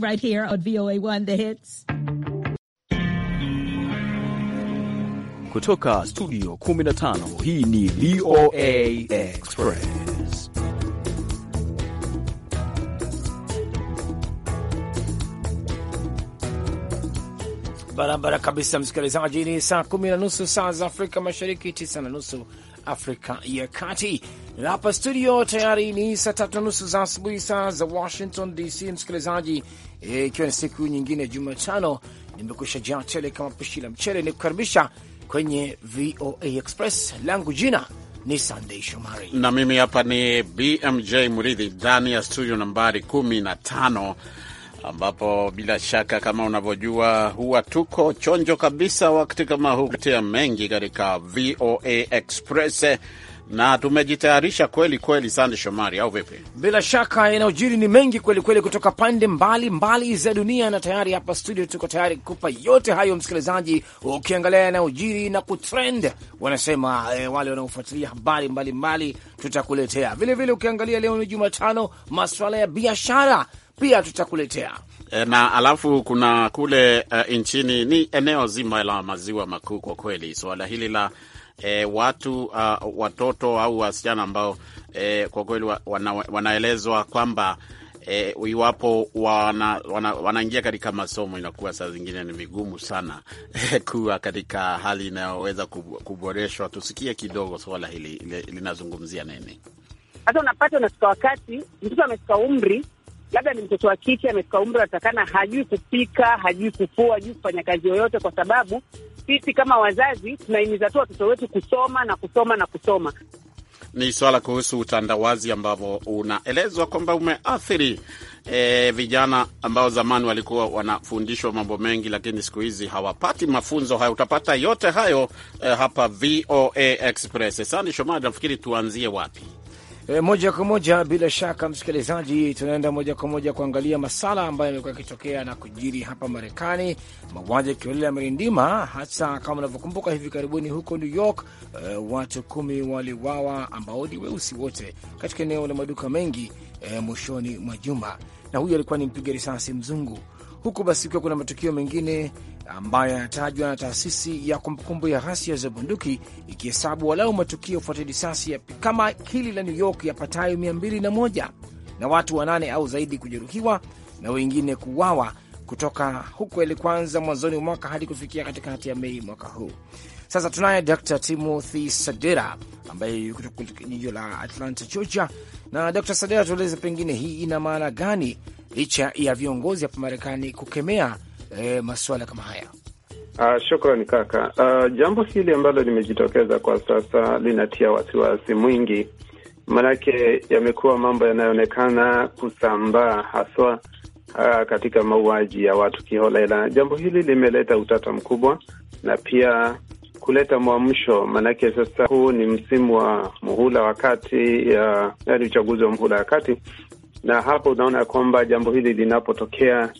right here on VOA1 The Hits. Kutoka studio 15 hii ni VOA Express. Barabara kabisa msikilizaji, ni saa kumi na nusu saa za Afrika Mashariki, tisa na nusu Afrika ya Kati. Na hapa studio tayari ni saa tatu nusu za asubuhi, saa za Washington DC. Msikilizaji, e, ikiwa e, ni siku nyingine Jumatano, nimekusha jaa tele kama pishi la mchele, ni kukaribisha kwenye VOA Express. Langu jina ni Sandey Shomari na mimi hapa ni BMJ Muridhi ndani ya studio nambari 15 ambapo bila shaka kama unavyojua huwa tuko chonjo kabisa wakati kama huu kutia mengi katika VOA Express na tumejitayarisha kweli kweli, Sande Shomari, au vipi? Bila shaka yanayojiri ni mengi kweli kweli kutoka pande mbali mbali za dunia, na tayari hapa studio tuko tayari kukupa yote hayo, msikilizaji, ukiangalia yanayojiri na kutrend, wanasema eh, wale wanaofuatilia habari mbalimbali, tutakuletea vilevile. Ukiangalia leo ni Jumatano, maswala ya biashara pia tutakuletea eh, na alafu kuna kule uh, eh, nchini ni eneo zima la maziwa makuu. Kwa kweli suala so, hili la e, watu uh, watoto au wasichana ambao e, kwa kweli wana, wanaelezwa kwamba e, iwapo wanaingia wana, wana katika masomo inakuwa saa zingine ni vigumu sana kuwa katika hali inayoweza kuboreshwa. Tusikie kidogo suala so, hili linazungumzia nini? Hata unapata unafika wakati mtoto amefika umri labda ni mtoto wa kike amefika umri anatakana, hajui kupika, hajui kufua, hajui kufanya kazi yoyote, kwa sababu sisi kama wazazi tunahimiza tu watoto wetu kusoma na kusoma na kusoma. Ni swala kuhusu utandawazi ambavyo unaelezwa kwamba umeathiri e, vijana ambao zamani walikuwa wanafundishwa mambo mengi, lakini siku hizi hawapati mafunzo hayo. Utapata yote hayo e, hapa VOA Express. Sande Shomari, nafikiri tuanzie wapi? E, moja kwa moja bila shaka msikilizaji, tunaenda moja kwa moja kuangalia masala ambayo yamekuwa yakitokea na kujiri hapa Marekani, mauaji ya ya Mirindima, hasa kama unavyokumbuka hivi karibuni huko New York. E, watu kumi waliwawa ambao ni weusi wote katika eneo la maduka mengi e, mwishoni mwa juma, na huyu alikuwa ni mpiga risasi mzungu huku basi kukiwa kuna matukio mengine ambayo yanatajwa na taasisi ya kumbukumbu ya ghasia za bunduki ikihesabu walau matukio kufuatia risasi kama hili la New York yapatayo 201 na watu wanane au zaidi kujeruhiwa na wengine kuuawa kutoka huko kwanza mwanzoni mwa mwaka hadi kufikia katikati ya Mei mwaka huu. Sasa tunaye Dr Timothy Sadera ambaye yuko jiji la Atlanta, Georgia. Na Dr Sadera, tueleze pengine hii ina maana gani licha ya viongozi hapa Marekani kukemea e, eh, masuala kama haya? Uh, shukrani kaka. Uh, jambo hili ambalo limejitokeza kwa sasa linatia wasiwasi mwingi, maanake yamekuwa mambo yanayoonekana kusambaa haswa uh, katika mauaji ya watu kiholela. Jambo hili limeleta utata mkubwa na pia kuleta mwamsho, maanake sasa huu ni msimu wa muhula wa kati, yaani uchaguzi wa muhula wa kati, na hapo unaona ya kwamba jambo hili linapotokea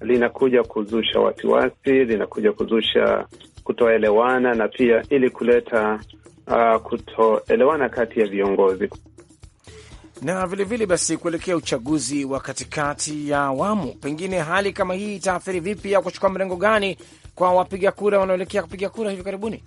linakuja kuzusha wasiwasi, linakuja kuzusha kutoelewana na pia ili kuleta uh, kutoelewana kati ya viongozi na vilevile vile basi, kuelekea uchaguzi wa katikati ya awamu, pengine hali kama hii itaathiri vipi au kuchukua mrengo gani kwa wapiga kura wanaoelekea kupiga kura hivi karibuni?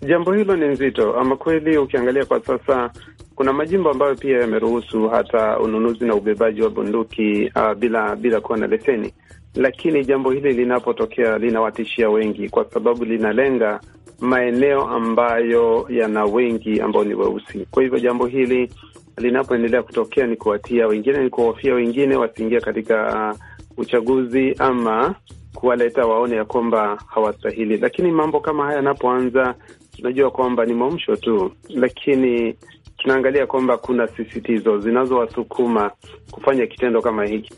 Jambo hilo ni nzito ama kweli. Ukiangalia kwa sasa, kuna majimbo ambayo pia yameruhusu hata ununuzi na ubebaji wa bunduki uh, bila bila kuwa na leseni, lakini jambo hili linapotokea linawatishia wengi, kwa sababu linalenga maeneo ambayo yana wengi ambao ni weusi. Kwa hivyo jambo hili linapoendelea kutokea ni kuwatia wengine, ni kuwahofia wengine wasiingia katika uh, uchaguzi ama kuwaleta waone ya kwamba hawastahili. Lakini mambo kama haya yanapoanza tunajua kwamba ni mwamsho tu, lakini tunaangalia kwamba kuna sisitizo zinazowasukuma kufanya kitendo kama hiki.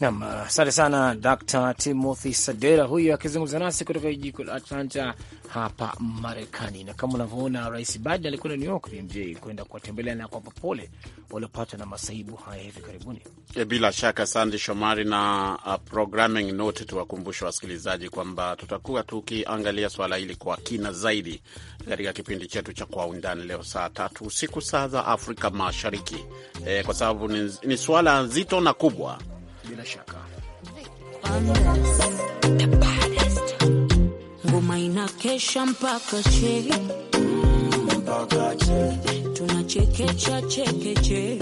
Nam, asante sana Dr Timothy Sadera huyo akizungumza nasi kutoka jiji la Atlanta hapa Marekani. Na kama unavyoona, Rais Biden alikwenda New York mj kwenda kuwatembelea na kuwapa pole waliopatwa na masaibu haya hivi karibuni. E, bila shaka, sandi Shomari na uh, programming note, tuwakumbusha wasikilizaji kwamba tutakuwa tukiangalia swala hili kwa kina zaidi katika kipindi chetu cha Kwa Undani leo saa tatu usiku saa za Afrika Mashariki, e, kwa sababu ni, ni swala nzito na kubwa bila shaka ngoma inakesha mpaka che tunachekecha chekeche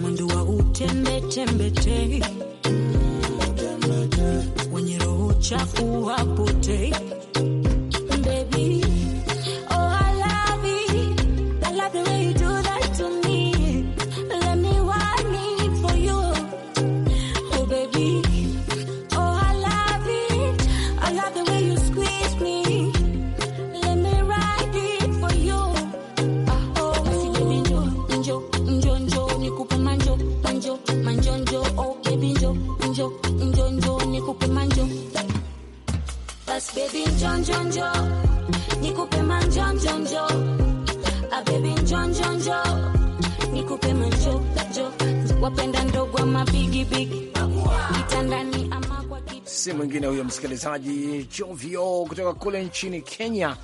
mwendo wa utembetembete wenye roho chafu wapotei huyo msikilizaji jovio kutoka kule nchini Kenya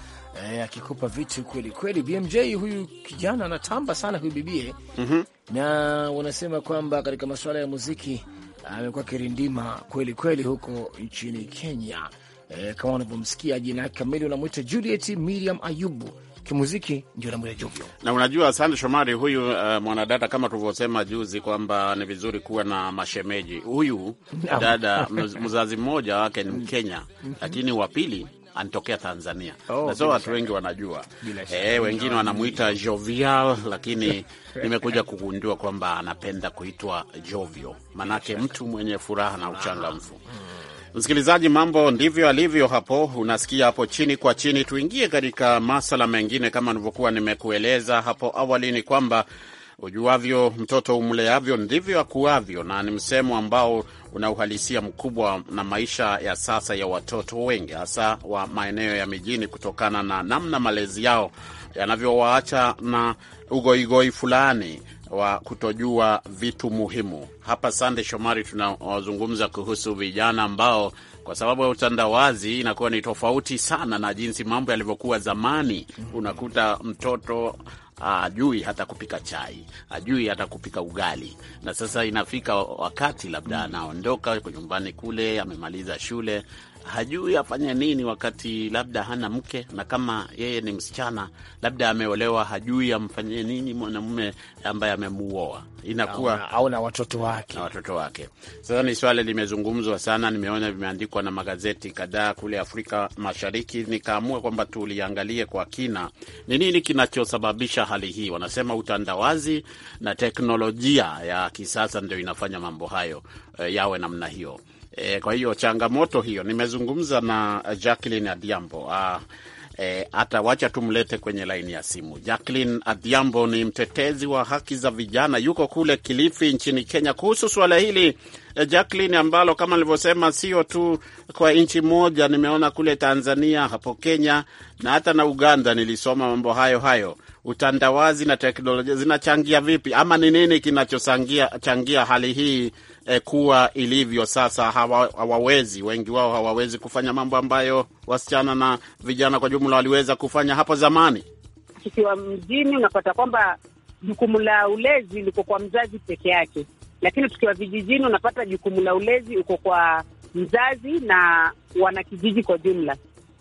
eh, akikupa vitu kweli kweli. BMJ huyu kijana anatamba sana kuibibie mm -hmm. na wanasema kwamba katika masuala ya muziki amekuwa kirindima kweli kweli huko nchini Kenya. E, kama unavyomsikia jina yake kamili unamwita Juliet Miriam Ayubu kimuziki ndio namna ilivyo. Na unajua, asante Shomari, huyu uh, mwanadada kama tulivyosema juzi kwamba ni vizuri kuwa na mashemeji. Huyu no. dada mzazi mmoja wake ni Mkenya lakini wa pili anatokea Tanzania oh, na sio watu wengi wanajua e, wengine wanamwita Jovial, lakini nimekuja kugundua kwamba anapenda kuitwa Jovio, maanake mtu mwenye furaha na uchangamfu. Mm. Msikilizaji, mambo ndivyo alivyo hapo, unasikia hapo chini kwa chini. Tuingie katika masala mengine. Kama nilivyokuwa nimekueleza hapo awali, ni kwamba ujuavyo mtoto umleavyo ndivyo akuavyo, na ni msemo ambao una uhalisia mkubwa na maisha ya sasa ya watoto wengi, hasa wa maeneo ya mijini, kutokana na namna malezi yao yanavyowaacha na ugoigoi fulani wa kutojua vitu muhimu. Hapa Sande Shomari, tunawazungumza kuhusu vijana ambao kwa sababu ya utandawazi inakuwa ni tofauti sana na jinsi mambo yalivyokuwa zamani. Unakuta mtoto ah, ajui hata kupika chai, ajui hata kupika ugali, na sasa inafika wakati labda mm. anaondoka nyumbani kule, amemaliza shule hajui afanye nini, wakati labda hana mke, na kama yeye ni msichana, labda ameolewa, hajui amfanyie nini mwanamume ambaye amemuoa, inakuwa au na watoto wake, na watoto wake. Sasa ni swali limezungumzwa sana, nimeona vimeandikwa na magazeti kadhaa kule Afrika Mashariki, nikaamua kwamba tuliangalie kwa kina ni nini kinachosababisha hali hii. Wanasema utandawazi na teknolojia ya kisasa ndio inafanya mambo hayo eh, yawe namna hiyo. E, kwa hiyo changamoto hiyo nimezungumza na Jacqueline Adiambo ah, e, hata wacha tumlete kwenye laini ya simu. Jacqueline Adiambo ni mtetezi wa haki za vijana, yuko kule Kilifi nchini Kenya kuhusu suala hili e, Jacqueline, ambalo kama nilivyosema sio tu kwa nchi moja, nimeona kule Tanzania, hapo Kenya na hata na Uganda nilisoma mambo hayo hayo utandawazi na teknolojia zinachangia vipi, ama ni nini kinachochangia hali hii eh, kuwa ilivyo sasa? Hawa, hawawezi wengi wao hawawezi kufanya mambo ambayo wasichana na vijana kwa jumla waliweza kufanya hapo zamani. Tukiwa mjini, unapata kwamba jukumu la ulezi liko kwa mzazi peke yake, lakini tukiwa vijijini, unapata jukumu la ulezi uko kwa mzazi na wanakijiji kwa jumla.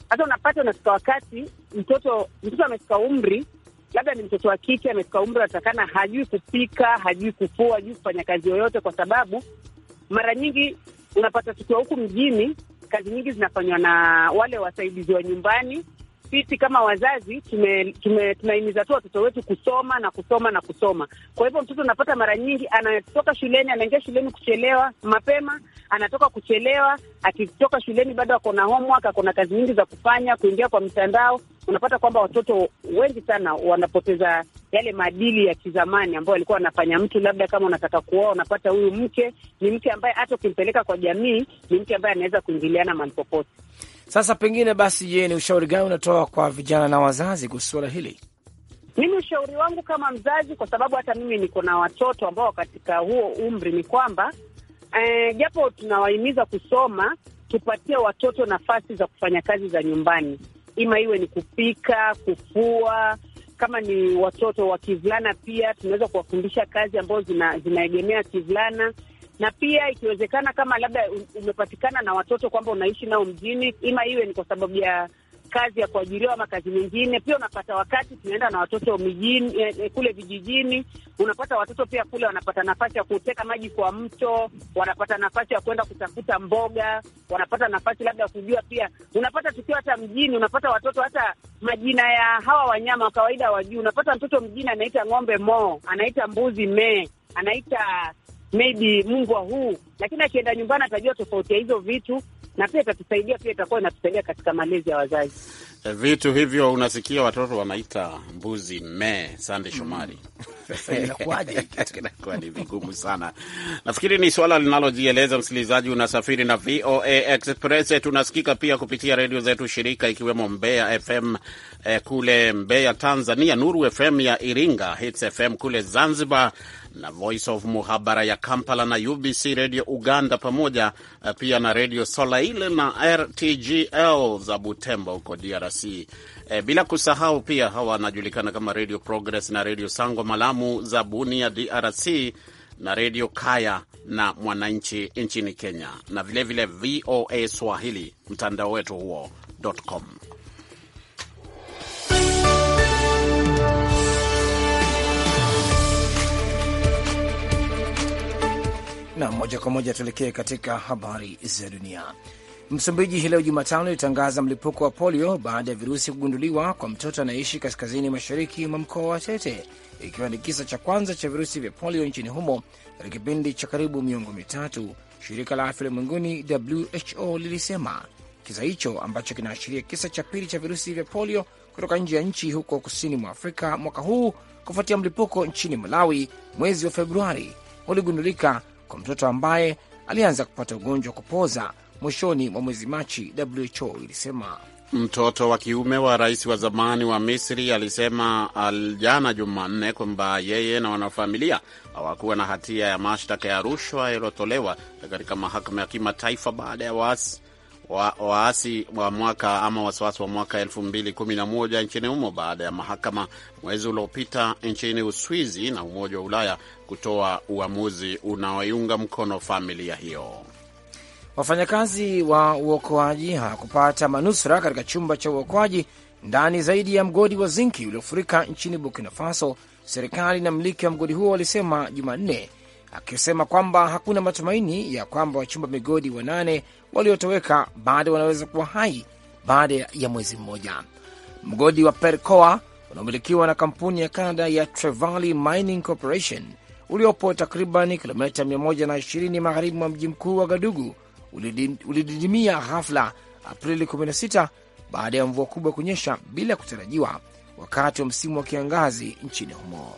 Sasa unapata unafika wakati mtoto mtoto amefika umri labda ni mtoto wa kike amefika umri anatakana, hajui kupika, hajui kufua, hajui kufanya kazi yoyote, kwa sababu mara nyingi unapata tukiwa huku mjini, kazi nyingi zinafanywa na wale wasaidizi wa nyumbani. Sisi kama wazazi tunahimiza tu watoto wetu kusoma na kusoma na kusoma. Kwa hivyo mtoto unapata mara nyingi anatoka shuleni, anaingia shuleni kuchelewa mapema, anatoka kuchelewa, akitoka shuleni bado ako na homework, ako na kazi nyingi za kufanya, kuingia kwa mtandao unapata kwamba watoto wengi sana wanapoteza yale maadili ya kizamani ambayo alikuwa anafanya mtu. Labda kama unataka kuoa, unapata huyu mke ni mke ambaye hata ukimpeleka kwa jamii ni mke ambaye anaweza kuingiliana mahali popote. Sasa pengine basi, je, ni ushauri gani unatoa kwa vijana na wazazi kuhusu suala hili? Mimi ushauri wangu kama mzazi, kwa sababu hata mimi niko na watoto ambao katika huo umri, ni kwamba eh, japo tunawahimiza kusoma, tupatie watoto nafasi za kufanya kazi za nyumbani ima iwe ni kupika, kufua kama ni watoto wa kivulana pia tunaweza kuwafundisha kazi ambazo zina, zinaegemea kivulana, na pia ikiwezekana, kama labda umepatikana na watoto kwamba unaishi nao mjini, ima iwe ni kwa sababu ya kazi ya kuajiriwa ama kazi nyingine. Pia unapata wakati tunaenda na watoto mijini, eh, eh, kule vijijini, unapata watoto pia kule wanapata nafasi ya kuteka maji kwa mto, wanapata nafasi ya kwenda kutafuta mboga, wanapata nafasi labda kujua pia. Unapata tukiwa hata mjini, unapata watoto hata majina ya hawa wanyama kawaida wajui. Unapata mtoto mjini anaita ng'ombe moo, anaita mbuzi mee, anaita maybe mbwa huu, lakini akienda nyumbani atajua tofauti ya hizo vitu, na pia itatusaidia, pia itakuwa inatusaidia katika malezi ya wazazi vitu hivyo unasikia watoto wanaita mbuzi mee. Sande Shomari, inakuwa ni vigumu sana. Nafikiri ni swala linalojieleza. Msikilizaji, unasafiri na VOA Express. Tunasikika pia kupitia redio zetu shirika, ikiwemo Mbeya FM eh, kule Mbeya Tanzania, Nuru FM ya Iringa, Hits FM kule Zanzibar na Voice of Muhabara ya Kampala na UBC redio Uganda, pamoja eh, pia na redio Solaile na RTGL za Butembo huko DRC. DRC. E, bila kusahau pia hawa wanajulikana kama Radio Progress na Radio Sango Malamu za Bunia DRC na Redio Kaya na Mwananchi nchini Kenya na vilevile vile VOA Swahili mtandao wetu huocom Na moja kwa moja tuelekee katika habari za dunia. Msumbiji hii leo Jumatano ilitangaza mlipuko wa polio baada ya virusi kugunduliwa kwa mtoto anayeishi kaskazini mashariki mwa mkoa wa Tete, ikiwa ni kisa cha kwanza cha virusi vya polio nchini humo katika kipindi cha karibu miongo mitatu. Shirika la afya ulimwenguni WHO lilisema kisa hicho ambacho kinaashiria kisa cha pili cha virusi vya polio kutoka nje ya nchi huko kusini mwa Afrika mwaka huu kufuatia mlipuko nchini Malawi mwezi wa Februari uligundulika kwa mtoto ambaye alianza kupata ugonjwa wa kupoza mwishoni mwa mwezi Machi, WHO ilisema. Mtoto wa kiume wa rais wa zamani wa Misri alisema jana Jumanne kwamba yeye na wanafamilia hawakuwa na hatia ya mashtaka ya rushwa yaliyotolewa katika mahakama ya kimataifa baada ya waasi wa, waasi wa mwaka ama wasiwasi wa mwaka 2011 nchini humo baada ya mahakama mwezi uliopita nchini Uswizi na Umoja wa Ulaya kutoa uamuzi unaoiunga mkono familia hiyo. Wafanyakazi wa uokoaji hawakupata manusura katika chumba cha uokoaji ndani zaidi ya mgodi wa zinki uliofurika nchini Burkina Faso, serikali na mmiliki wa mgodi huo walisema Jumanne, akisema kwamba hakuna matumaini ya kwamba wachumba migodi wanane waliotoweka bado wanaweza kuwa hai baada ya mwezi mmoja. Mgodi wa Percoa unaomilikiwa na kampuni ya Canada ya Trevali Mining Corporation uliopo takriban kilomita 120 magharibi mwa mji mkuu wa Gadugu ulididimia ghafla Aprili 16 baada ya mvua kubwa kunyesha bila kutarajiwa wakati wa msimu wa kiangazi nchini humo.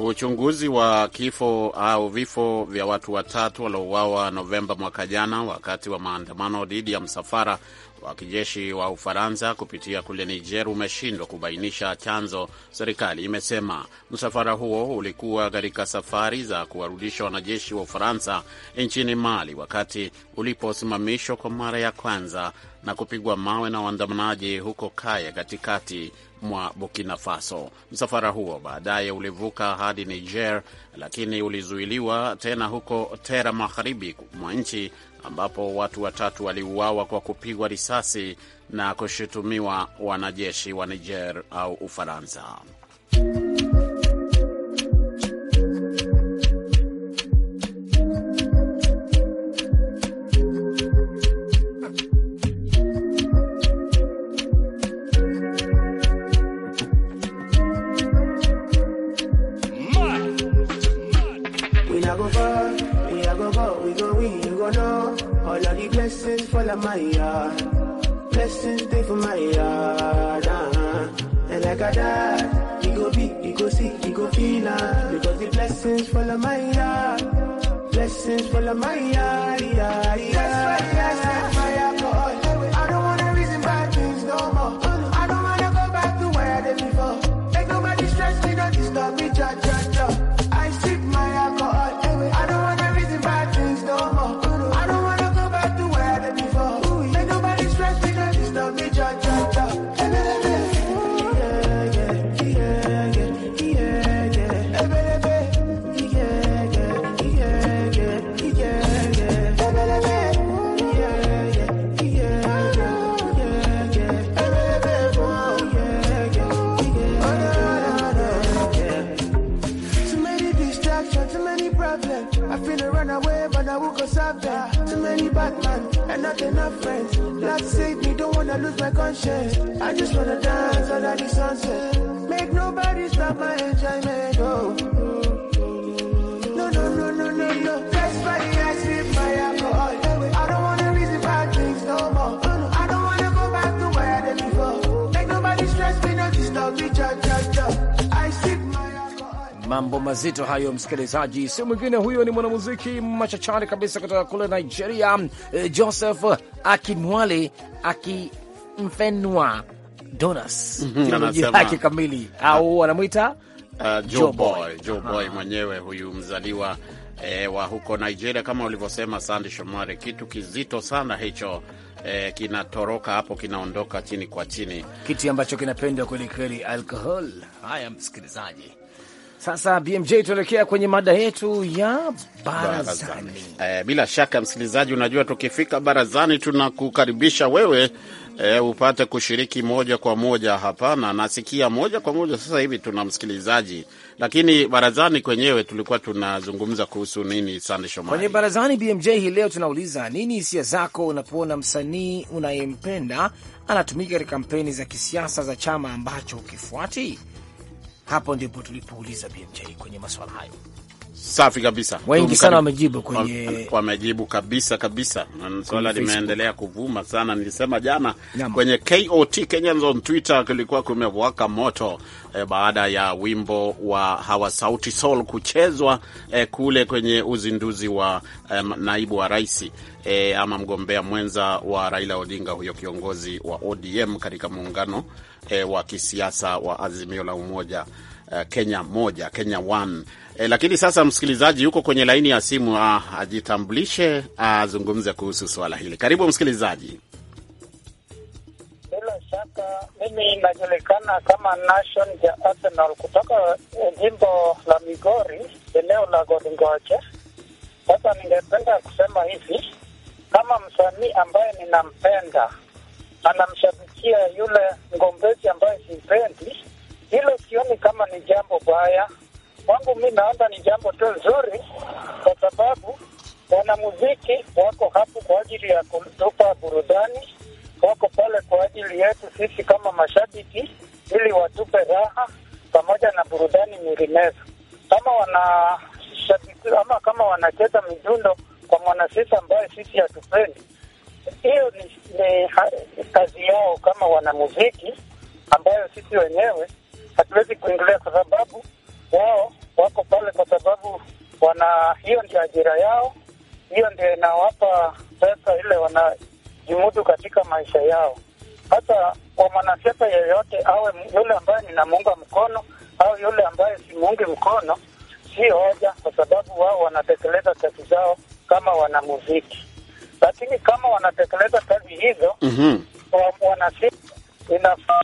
Uchunguzi wa kifo au vifo vya watu watatu waliouawa Novemba mwaka jana wakati wa maandamano dhidi ya msafara wa kijeshi wa Ufaransa kupitia kule Niger umeshindwa kubainisha chanzo, serikali imesema. Msafara huo ulikuwa katika safari za kuwarudisha wanajeshi wa Ufaransa nchini Mali wakati uliposimamishwa kwa mara ya kwanza na kupigwa mawe na waandamanaji huko Kaya katikati mwa Burkina Faso. Msafara huo baadaye ulivuka hadi Niger, lakini ulizuiliwa tena huko Tera, magharibi mwa nchi, ambapo watu watatu waliuawa kwa kupigwa risasi na kushutumiwa wanajeshi wa Niger au Ufaransa. all of my yard. Blessings stay for my yard. Uh-huh. And like I die, you go be, you go see, you go feel uh, Because the blessings full of my yard. Blessings full of my yard. Yeah, yeah. Mambo mazito hayo, msikilizaji. Si mwingine huyo, ni mwanamuziki machachari kabisa kutoka kule Nigeria, eh, Joseph Akinwale akimfenwa Donas lake mhm, kamili, au ah, wanamwita uh, Joe Boy. Joe Boy ah. mwenyewe huyu mzaliwa E, wa huko Nigeria kama ulivyosema Sandi Shomari, kitu kizito sana hicho e, kinatoroka hapo, kinaondoka chini kwa chini, kitu ambacho kinapendwa kwelikweli alkohol. Haya msikilizaji sasa BMJ, tuelekea kwenye mada yetu ya barazani. Eh, bila shaka msikilizaji, unajua tukifika barazani tunakukaribisha wewe eh, upate kushiriki moja kwa moja hapa, na nasikia moja kwa moja sasa hivi tuna msikilizaji, lakini barazani kwenyewe tulikuwa tunazungumza kuhusu nini? Sande Shomari, kwenye barazani BMJ hii leo tunauliza nini hisia zako unapoona msanii unayempenda anatumika katika kampeni za kisiasa za chama ambacho ukifuati hapo ndipo tulipouliza BMJ kwenye maswala hayo. Safi kabisa, wengi sana wamejibu kwenye, wamejibu kabisa kabisa, na swala limeendelea kuvuma sana. Nilisema jana Nyama. kwenye KOT Kenya on Twitter kulikuwa kumewaka moto eh, baada ya wimbo wa hawa Sauti Sol kuchezwa eh, kule kwenye uzinduzi wa eh, naibu wa rais eh, ama mgombea mwenza wa Raila Odinga, huyo kiongozi wa ODM katika muungano eh, wa kisiasa wa Azimio la Umoja Eh, Kenya moja, Kenya one. E, lakini sasa msikilizaji yuko kwenye laini ya simu ah, ajitambulishe ah, azungumze kuhusu swala hili. Karibu msikilizaji. Bila shaka mimi najulikana kama Nation ya Arsenal kutoka eh, jimbo la Migori, eneo la goringoje Sasa ningependa kusema hivi kama msanii ambaye ninampenda anamshabikia yule mgombezi ambaye sipendi, hilo sioni kama ni jambo baya. Kwangu mi naona ni jambo tu nzuri, kwa sababu wanamuziki wako hapo kwa ajili ya kutupa burudani, wako pale kwa ajili yetu sisi kama mashabiki, ili watupe raha pamoja na burudani nyinginezo. Kama wana ama kama wanacheza midundo kwa mwanasiasa ambaye sisi hatupendi, maisha yao. Hata kwa mwanasiasa yeyote, awe yule ambaye ninamuunga mkono au yule ambaye simuungi mkono, si hoja, kwa sababu wao wanatekeleza kazi zao kama wanamuziki. Lakini kama wanatekeleza kazi hizo mm -hmm. wanasiasa inafaa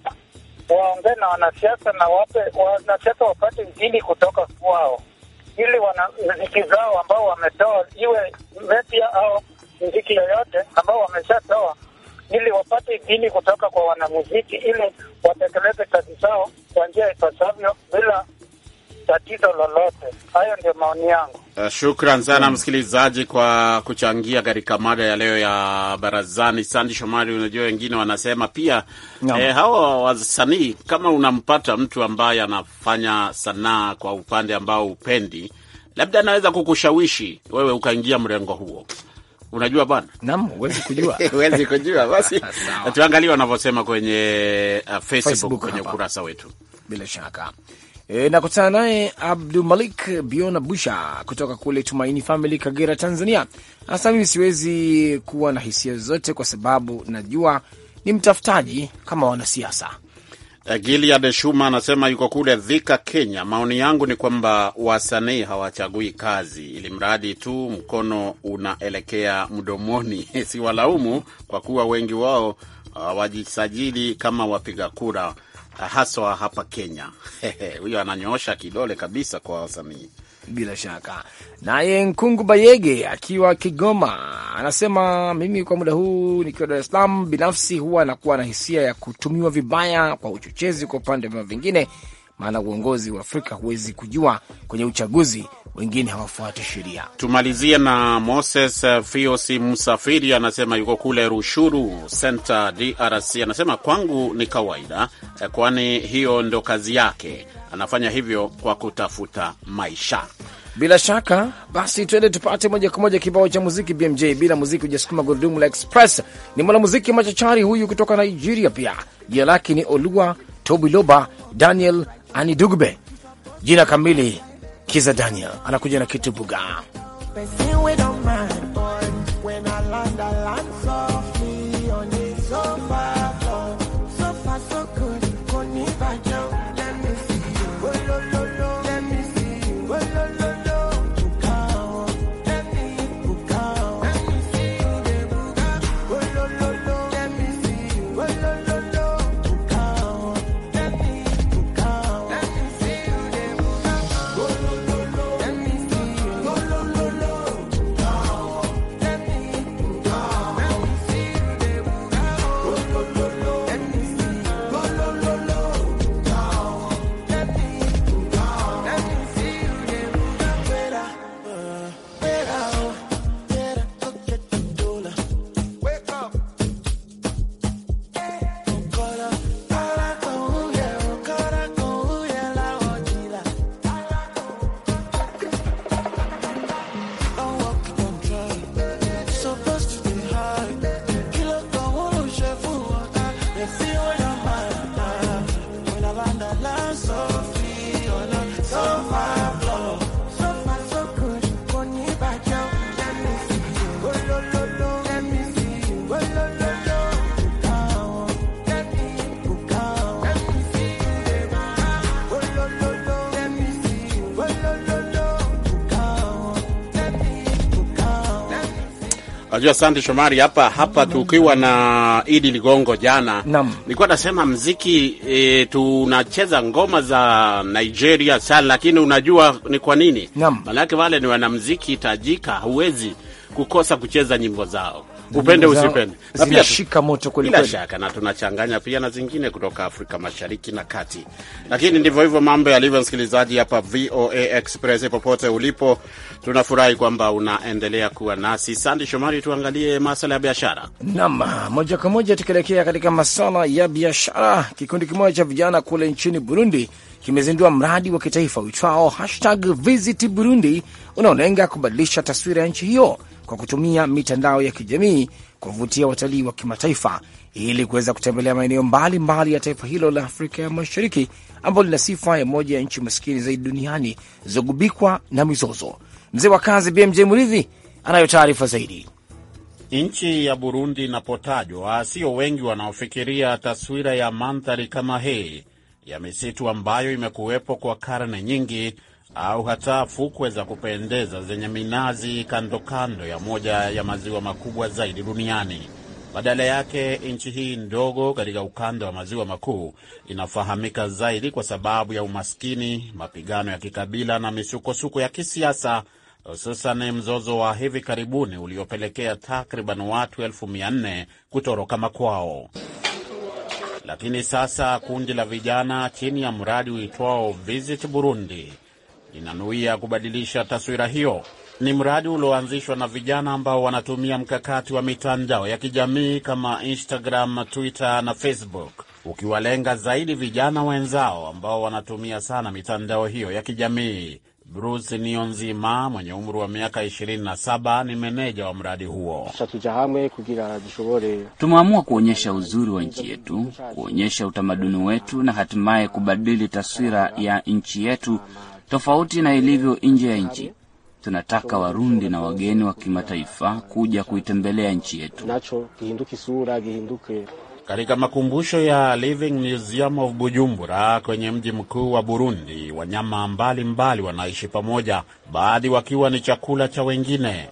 waongee na wanasiasa na wape wanasiasa wapate injili kutoka kwao, ili wanamuziki zao ambao wametoa iwe mepya au mziki yoyote ambao wameshatoa ili wapate idhini kutoka kwa wanamuziki ili watekeleze kazi zao kwa njia ipasavyo bila tatizo lolote. Hayo ndio maoni yangu. Uh, shukran sana hmm, msikilizaji kwa kuchangia katika mada ya leo ya barazani. Sandi Shomari, unajua wengine wanasema pia eh, hawa wasanii kama unampata mtu ambaye anafanya sanaa kwa upande ambao upendi, labda anaweza kukushawishi wewe ukaingia mrengo huo. Unajua bwana, nam huwezi kujua, huwezi kujua. Basi tuangalie wanavyosema kwenye uh, Facebook, Facebook kwenye ukurasa wetu bila shaka. E, nakutana naye malik Biona Busha kutoka kule Tumaini Family, Kagera, Tanzania. Hasa mimi siwezi kuwa na hisia zote kwa sababu najua ni mtafutaji kama wanasiasa Gilead Shuma anasema yuko kule Thika, Kenya. Maoni yangu ni kwamba wasanii hawachagui kazi, ili mradi tu mkono unaelekea mdomoni. Siwalaumu kwa kuwa wengi wao hawajisajili uh, kama wapiga kura, uh, haswa hapa Kenya. Huyo ananyoosha kidole kabisa kwa wasanii bila shaka. Naye Nkungu Bayege akiwa Kigoma anasema mimi kwa muda huu nikiwa Dar es Salaam, binafsi huwa nakuwa na hisia ya kutumiwa vibaya kwa uchochezi kwa upande vyama vingine maana uongozi wa Afrika huwezi kujua kwenye uchaguzi, wengine hawafuati sheria. Tumalizie na Moses eh, Fios Msafiri, anasema yuko kule Rushuru Center, DRC. Anasema kwangu ni kawaida, eh, kwani hiyo ndo kazi yake, anafanya hivyo kwa kutafuta maisha. Bila shaka basi, twende tupate moja kwa moja kibao cha muziki BMJ. Bila muziki hujasukuma gurudumu la Express. Ni mwanamuziki machachari huyu kutoka Nigeria, pia jina lake ni Olua Tobiloba Daniel Ani Dugbe, jina kamili Kiza Daniel anakuja na kitu bugaa Unajua Sandi Shomari, hapa hapa tukiwa na Idi Ligongo jana nilikuwa nasema mziki e, tunacheza ngoma za Nigeria sana, lakini unajua ni kwa nini? Maanake wale ni wanamziki tajika, huwezi kukosa kucheza nyimbo zao upende usipende, na pia shika moto kweli kweli, bila shaka, na tunachanganya pia na zingine kutoka Afrika Mashariki na Kati, lakini ndivyo hivyo mambo yalivyo. Msikilizaji hapa VOA Express, popote ulipo, tunafurahi kwamba unaendelea kuwa nasi. Sandi Shomari, tuangalie masala ya biashara nam moja kwa moja, tukielekea katika masala ya biashara. Kikundi kimoja cha vijana kule nchini Burundi kimezindua mradi wa kitaifa uitwao hashtag visit Burundi unaolenga kubadilisha taswira ya nchi hiyo kwa kutumia mitandao ya kijamii kuwavutia watalii wa kimataifa ili kuweza kutembelea maeneo mbalimbali ya taifa hilo la Afrika ya Mashariki ambalo lina sifa ya moja ya nchi maskini zaidi duniani zilizogubikwa na mizozo. Mzee wa kazi BMJ Muridhi anayo taarifa zaidi. Nchi ya Burundi inapotajwa, sio wengi wanaofikiria taswira ya mandhari kama hii ya misitu ambayo imekuwepo kwa karne nyingi au hata fukwe za kupendeza zenye minazi kando kando ya moja ya maziwa makubwa zaidi duniani. Badala yake nchi hii ndogo katika ukanda wa maziwa makuu inafahamika zaidi kwa sababu ya umaskini, mapigano ya kikabila na misukosuko ya kisiasa, hususan mzozo wa hivi karibuni uliopelekea takriban watu elfu mia nne kutoroka makwao. Lakini sasa kundi la vijana chini ya mradi uitwao Visit Burundi inanuia kubadilisha taswira hiyo. Ni mradi ulioanzishwa na vijana ambao wanatumia mkakati wa mitandao ya kijamii kama Instagram, Twitter na Facebook, ukiwalenga zaidi vijana wenzao ambao wanatumia sana mitandao hiyo ya kijamii. Bruce nionzima mwenye umri wa miaka 27 ni meneja wa mradi huo. Tumeamua kuonyesha uzuri wa nchi yetu, kuonyesha utamaduni wetu na hatimaye kubadili taswira ya nchi yetu tofauti na ilivyo nje ya nchi. Tunataka Warundi na wageni wa kimataifa kuja kuitembelea nchi yetu. Katika makumbusho ya Living Museum of Bujumbura kwenye mji mkuu wa Burundi, wanyama mbalimbali wanaishi pamoja, baadhi wakiwa ni chakula cha wengine.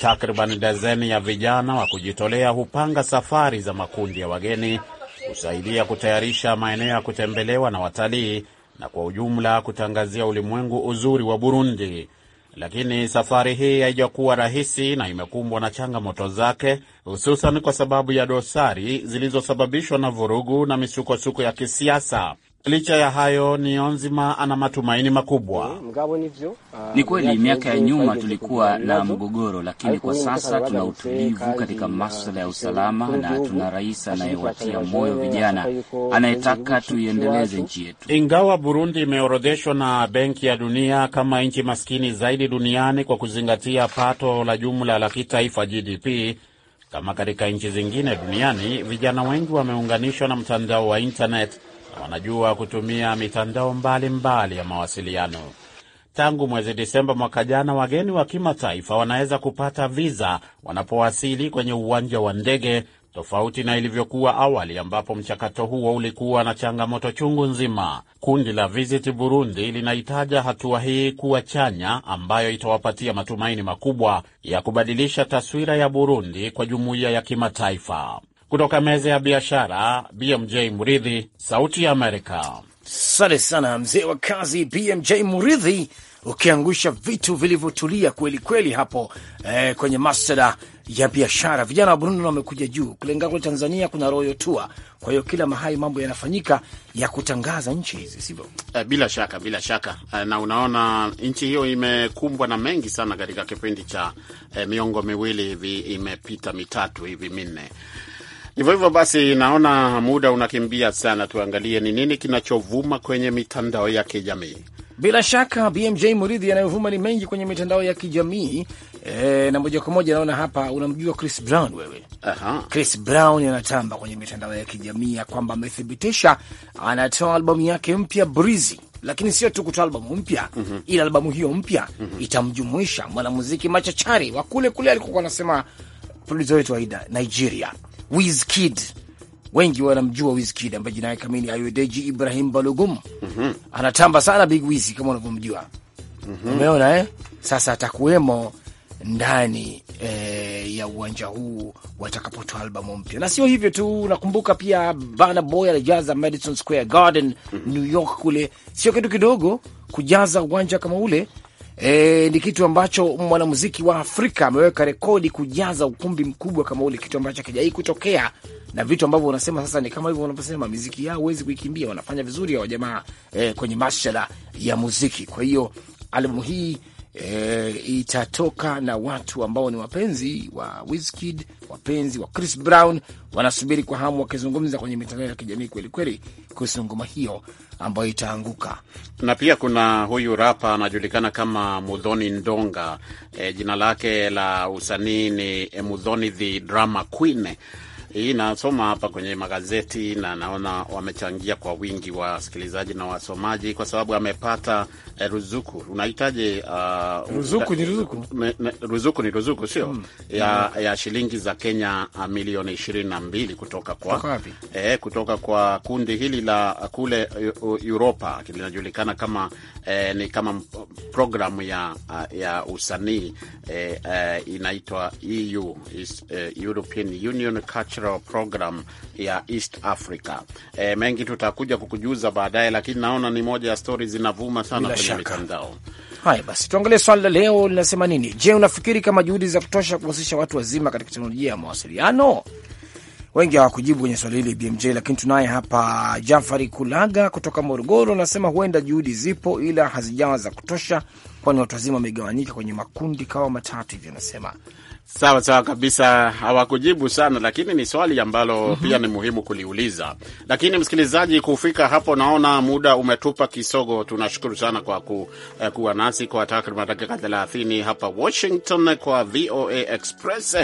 Takriban dazeni ya vijana wa kujitolea hupanga safari za makundi ya wageni kusaidia kutayarisha maeneo ya kutembelewa na watalii na kwa ujumla kutangazia ulimwengu uzuri wa Burundi. Lakini safari hii haijakuwa rahisi na imekumbwa na changamoto zake, hususan kwa sababu ya dosari zilizosababishwa na vurugu na misukosuko ya kisiasa. Licha ya hayo, onzima ana matumaini makubwa. Mm, ah, ni kweli miaka ya nyuma tulikuwa na mgogoro, lakini kwa sasa tuna utulivu katika maswala ya usalama na tuna rais anayewatia moyo vijana, anayetaka tuiendeleze nchi yetu. Ingawa Burundi imeorodheshwa na Benki ya Dunia kama nchi maskini zaidi duniani kwa kuzingatia pato la jumla la kitaifa GDP, kama katika nchi zingine duniani, vijana wengi wameunganishwa na mtandao wa intaneti wanajua kutumia mitandao mbalimbali mbali ya mawasiliano. Tangu mwezi Disemba mwaka jana, wageni wa kimataifa wanaweza kupata viza wanapowasili kwenye uwanja wa ndege, tofauti na ilivyokuwa awali ambapo mchakato huo ulikuwa na changamoto chungu nzima. Kundi la Visit Burundi linahitaja hatua hii kuwa chanya, ambayo itawapatia matumaini makubwa ya kubadilisha taswira ya Burundi kwa jumuiya ya kimataifa. Kutoka meza ya biashara, BMJ Muridhi, Sauti ya Amerika. Asante sana mzee wa kazi BMJ Muridhi, ukiangusha vitu vilivyotulia kweli kweli hapo eh, kwenye masada ya biashara. Vijana wa Burundi wamekuja juu kulenga kule. Tanzania kuna royo tua. kwa hiyo kila mahali mambo yanafanyika ya kutangaza nchi hizi, sivyo? Eh, bila shaka, bila shaka. Eh, na unaona nchi hiyo imekumbwa na mengi sana katika kipindi cha eh, miongo miwili hivi imepita mitatu hivi minne Hivyo hivyo basi, naona muda unakimbia sana, tuangalie ni nini kinachovuma kwenye mitandao ya kijamii. Bila shaka BMJ Muridhi, yanayovuma ni mengi kwenye mitandao ya kijamii e, na moja kwa moja naona hapa, unamjua Chris Brown wewe? Aha. Chris Brown anatamba kwenye mitandao ya kijamii ya kwamba amethibitisha anatoa albamu yake mpya Brizi, lakini sio tu kutoa albamu mpya mm -hmm. ila albamu hiyo mpya mm -hmm. itamjumuisha mwanamuziki machachari wa kule kule alikokuwa anasema produsa wetu wa Nigeria Wizkid wengi wanamjua Wizkid ambaye jina yake kamili Ayodeji Ibrahim Balogum. mm -hmm. Anatamba sana Big Wiz kama unavyomjua. mm -hmm. Umeona eh? Sasa atakuwemo ndani eh, ya uwanja huu watakapotoa albamu mpya. Na sio hivyo tu, nakumbuka pia Burna Boy alijaza Madison Square Garden, mm -hmm. New York kule. Sio kitu kidogo kujaza uwanja kama ule E, ni kitu ambacho mwanamuziki wa Afrika ameweka rekodi kujaza ukumbi mkubwa kama ule, kitu ambacho hakijawahi kutokea, na vitu ambavyo unasema sasa ni kama hivyo unavyosema miziki yao huwezi kuikimbia, wanafanya vizuri hawa jamaa e, kwenye mashala ya muziki. Kwa hiyo albamu hii e, itatoka na watu ambao ni wapenzi wa Wizkid, wapenzi wa Chris Brown, wanasubiri kwa hamu, wakizungumza kwenye mitandao ya kijamii kwelikweli kuhusu ngoma hiyo ambayo itaanguka. Na pia kuna huyu rapa anajulikana kama Mudhoni Ndonga, e, jina lake la usanii ni Mudhoni the Drama Queen hii nasoma hapa kwenye magazeti na naona wamechangia kwa wingi wa wasikilizaji na wasomaji, kwa sababu amepata eh, ruzuku. Unahitaji uh, ruzuku, ni ruzuku. Me, me, ruzuku ni ruzuku sio mm. ya, hmm. ya shilingi za Kenya uh, milioni ishirini na mbili kutoka kwa eh, kutoka kwa kundi hili la kule uh, Uropa linajulikana kama eh, ni kama uh, programu ya, ya usanii eh, eh, inaitwa EU, eh, European Union Culture Cultural Program ya East Africa. E, mengi tutakuja kukujuza baadaye, lakini naona ni moja ya stori zinavuma sana kwenye mitandao. Haya basi, tuangalie swali la leo linasema nini? Je, unafikiri kama juhudi za kutosha kuhusisha watu wazima katika teknolojia ya mawasiliano? Wengi hawakujibu kwenye swali hili BMJ, lakini tunaye hapa Jafari Kulaga kutoka Morogoro, anasema huenda juhudi zipo, ila hazijawa za kutosha, kwani watu wazima wamegawanyika kwenye makundi kama matatu hivi, anasema Sawa sawa kabisa, hawakujibu sana, lakini ni swali ambalo mm -hmm. pia ni muhimu kuliuliza. Lakini msikilizaji, kufika hapo, naona muda umetupa kisogo. Tunashukuru sana kwa ku, eh, kuwa nasi kwa takriban dakika 30 hapa Washington kwa VOA Express.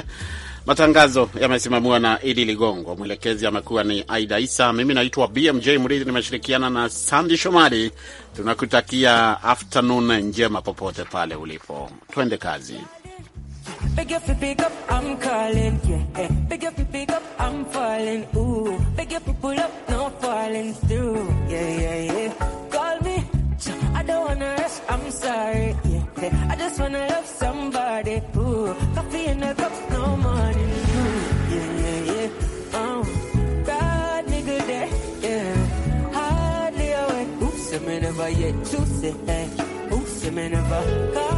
Matangazo yamesimamiwa na Idi Ligongo, mwelekezi amekuwa ni Aida Isa, mimi naitwa BMJ mridhi nimeshirikiana na Sandi Shomari. Tunakutakia afternoon njema popote pale ulipo, twende kazi. Beg up to pick up, I'm calling. Yeah, beg up to pick up, I'm falling. Ooh, beg up to pull up, no falling through. Yeah, yeah, yeah. Call me, I don't wanna rush, I'm sorry. Yeah, yeah. I just wanna love somebody. Ooh, coffee in a cup, no money. yeah, yeah, yeah. Oh, bad nigga Yeah, hardly awake. Oops, I never yet choose eh. it. Hey. Oops, I never. Call